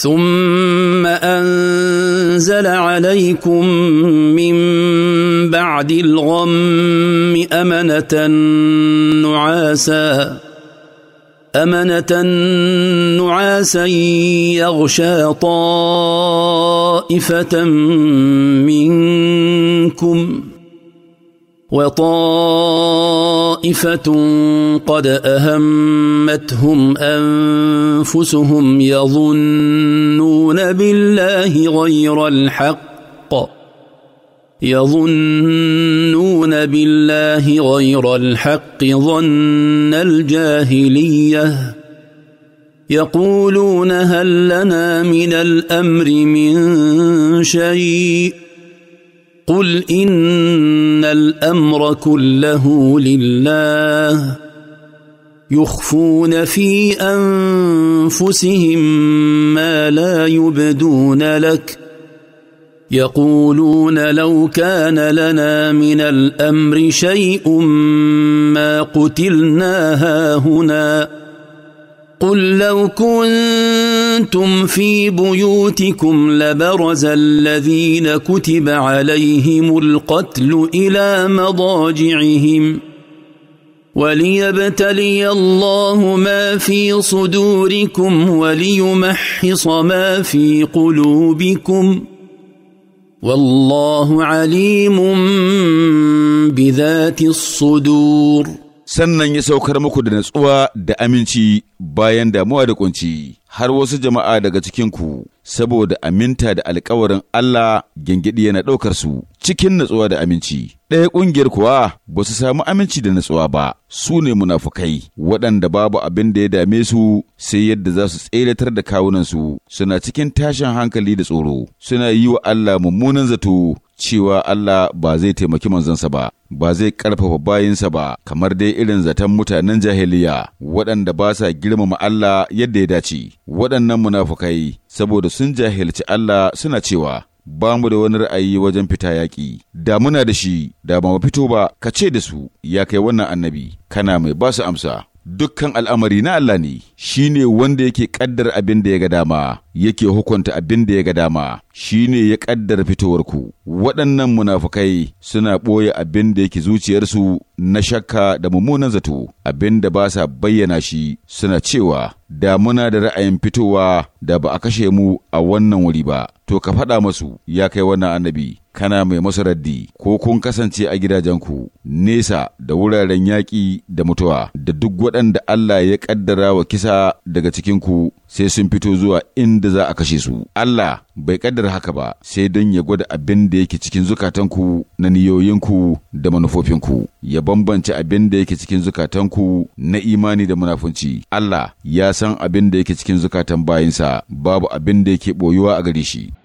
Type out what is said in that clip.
ثم انزل عليكم من بعد الغم امنه نعاسا امنه نعاسا يغشى طائفه منكم وطائفة قد أهمتهم أنفسهم يظنون بالله غير الحق يظنون بالله غير الحق ظن الجاهلية يقولون هل لنا من الأمر من شيء قل ان الامر كله لله يخفون في انفسهم ما لا يبدون لك يقولون لو كان لنا من الامر شيء ما قتلنا هاهنا قل لو كنت كنتم في بيوتكم لبرز الذين كتب عليهم القتل الى مضاجعهم وليبتلي الله ما في صدوركم وليمحص ما في قلوبكم والله عليم بذات الصدور sannan ya saukar muku da natsuwa da aminci bayan damuwa da kunci har wasu jama'a daga cikinku saboda aminta da alkawarin Allah gingidi yana ɗaukar su cikin natsuwa da aminci. Ɗaya ƙungiyar kuwa ba su samu aminci da natsuwa ba, su ne munafukai waɗanda babu abin da ya dame su sai yadda za su tseratar da kawunansu suna cikin tashin hankali da tsoro, suna yi wa Allah mummunan zato cewa Allah ba zai taimaki manzansa ba. ba zai ƙarfafa bayinsa ba kamar dai irin zaton mutanen jahiliya waɗanda ba sa girmama Allah yadda ya dace waɗannan munafukai saboda sun jahilci Allah suna cewa ba mu da wani ra'ayi wajen fita yaƙi, da muna da shi, da ba mu fito ba, ka ce da su, ya kai wannan annabi, kana mai ba su amsa. Dukkan al'amari na Allah ne, shi ne wanda yake ƙaddar abin da ya ga dama, yake hukunta abin da ya ga dama, shi ne ya ƙaddara fitowarku, waɗannan munafukai suna ɓoye abin da yake zuciyarsu na shakka da mummunan zato, abin da ba sa bayyana shi suna cewa, da muna da ra'ayin fitowa da ba a kashe mu a wannan wuri ba, to ka faɗa masu ya kai wannan annabi, kana mai masu raddi, ko kun kasance a gidajenku, nesa da wuraren yaƙi da mutuwa, da duk waɗanda Allah ya ƙaddara wa kisa daga cikinku sai sun fito zuwa inda za a kashe su. Allah bai kaddara haka ba sai don ya gwada abin da yake cikin zukatanku na niyoyinku da manufofinku, ya bambance abin da yake cikin zukatanku na imani da munafunci. Allah ya san abin da yake cikin zukatan bayinsa babu abin da yake boyuwa a gare shi.